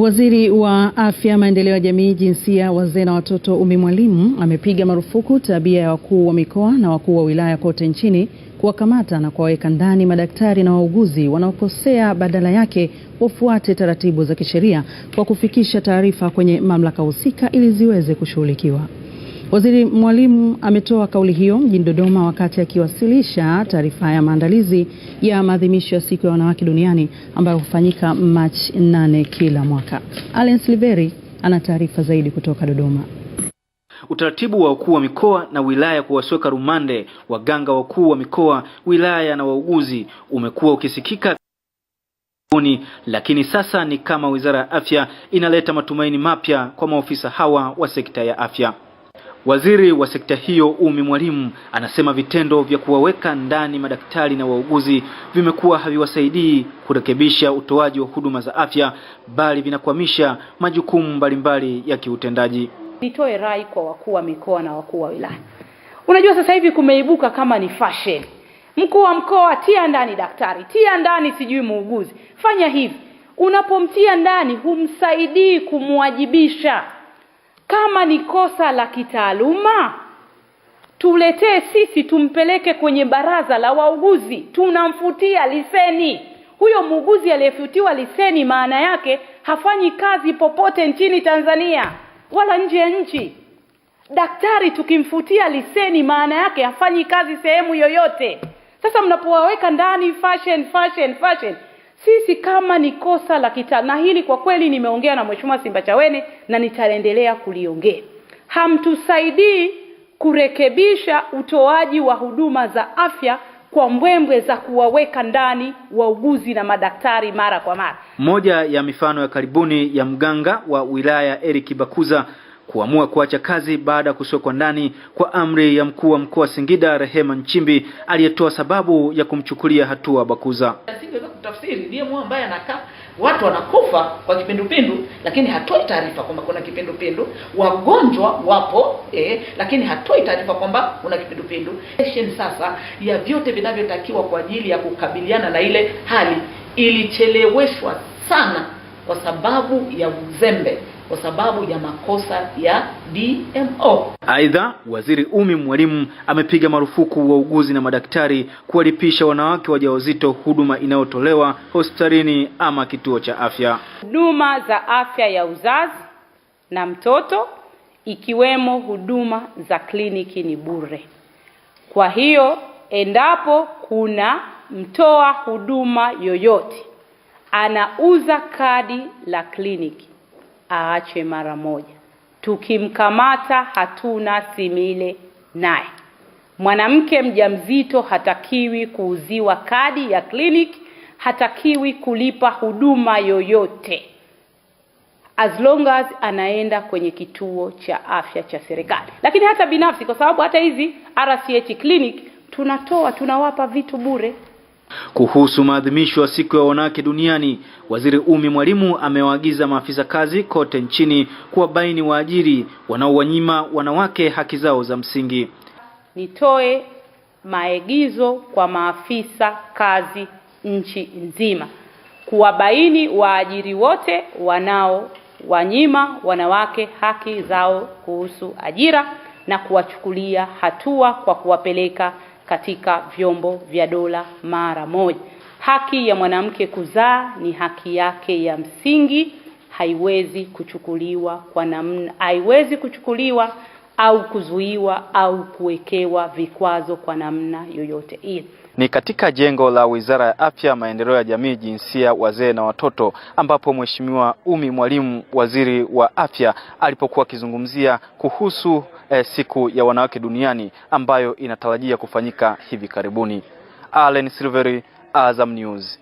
Waziri wa Afya, Maendeleo ya Jamii, Jinsia, Wazee na Watoto, Ummy Mwalimu amepiga marufuku tabia ya wakuu wa mikoa na wakuu wa wilaya kote nchini kuwakamata na kuwaweka ndani madaktari na wauguzi wanaokosea, badala yake wafuate taratibu za kisheria kwa kufikisha taarifa kwenye mamlaka husika ili ziweze kushughulikiwa. Waziri Mwalimu ametoa kauli hiyo mjini Dodoma wakati akiwasilisha taarifa ya maandalizi ya maadhimisho ya siku ya wanawake duniani ambayo hufanyika Machi 8 kila mwaka. Allen Silveri ana taarifa zaidi kutoka Dodoma. Utaratibu wa wakuu wa mikoa na wilaya kuwasweka rumande waganga wakuu wa mikoa, wilaya na wauguzi umekuwa ukisikika lakini sasa ni kama Wizara ya Afya inaleta matumaini mapya kwa maofisa hawa wa sekta ya afya. Waziri wa sekta hiyo umi Mwalimu anasema vitendo vya kuwaweka ndani madaktari na wauguzi vimekuwa haviwasaidii kurekebisha utoaji wa huduma za afya bali vinakwamisha majukumu mbalimbali ya kiutendaji. Nitoe rai kwa wakuu wa mikoa na wakuu wa wilaya. Unajua sasa hivi kumeibuka kama ni fashion. Mkuu wa mkoa tia ndani daktari, tia ndani sijui muuguzi. Fanya hivi. Unapomtia ndani humsaidii kumwajibisha. Kama ni kosa la kitaaluma, tuletee sisi, tumpeleke kwenye baraza la wauguzi, tunamfutia liseni. Huyo muuguzi aliyefutiwa liseni, maana yake hafanyi kazi popote nchini Tanzania wala nje ya nchi. Daktari tukimfutia liseni, maana yake hafanyi kazi sehemu yoyote. Sasa mnapowaweka ndani fashion fashion fashion sisi kama ni kosa la kita na hili kwa kweli nimeongea na Mheshimiwa chawene na nitaendelea kuliongea, hamtusaidii kurekebisha utoaji wa huduma za afya kwa mbwembwe za kuwaweka ndani wauguzi na madaktari mara kwa mara. Moja ya mifano ya karibuni ya mganga wa wilaya Eric Bakuza kuamua kuacha kazi baada ya kusokwa ndani kwa amri ya mkuu wa mkoa wa Singida Rehema Nchimbi aliyetoa sababu ya kumchukulia hatua Bakuza. Asingeweza kutafsiri ndiye mwa ambaye anakaa watu wanakufa kwa kipindupindu, lakini hatoi taarifa kwamba kuna kipindupindu. Wagonjwa wapo eh, lakini hatoi taarifa kwamba kuna kipindupindu. Sasa ya vyote vinavyotakiwa kwa ajili ya kukabiliana na ile hali ilicheleweshwa sana kwa sababu ya uzembe, kwa sababu ya makosa ya DMO. Aidha, Waziri Umi Mwalimu amepiga marufuku wauguzi na madaktari kuwalipisha wanawake wajawazito huduma inayotolewa hospitalini ama kituo cha afya. Huduma za afya ya uzazi na mtoto ikiwemo huduma za kliniki ni bure. Kwa hiyo endapo kuna mtoa huduma yoyote anauza kadi la kliniki aache mara moja. Tukimkamata hatuna simile naye. Mwanamke mjamzito hatakiwi kuuziwa kadi ya kliniki, hatakiwi kulipa huduma yoyote as long as anaenda kwenye kituo cha afya cha serikali, lakini hata binafsi, kwa sababu hata hizi RCH clinic tunatoa tunawapa vitu bure. Kuhusu maadhimisho ya siku ya wanawake duniani, Waziri Umi Mwalimu amewaagiza maafisa kazi kote nchini kuwabaini waajiri wanaowanyima wanawake haki zao za msingi. Nitoe maagizo kwa maafisa kazi nchi nzima kuwabaini waajiri wote wanaowanyima wanawake haki zao kuhusu ajira na kuwachukulia hatua kwa kuwapeleka katika vyombo vya dola mara moja. Haki ya mwanamke kuzaa ni haki yake ya msingi, haiwezi kuchukuliwa kwa namna, haiwezi kuchukuliwa au kuzuiwa au kuwekewa vikwazo kwa namna yoyote ile. Ni katika jengo la Wizara ya Afya, Maendeleo ya Jamii, Jinsia, Wazee na Watoto ambapo Mheshimiwa Umi Mwalimu, Waziri wa Afya, alipokuwa akizungumzia kuhusu eh, siku ya wanawake duniani ambayo inatarajia kufanyika hivi karibuni. Allen Silveri, Azam News.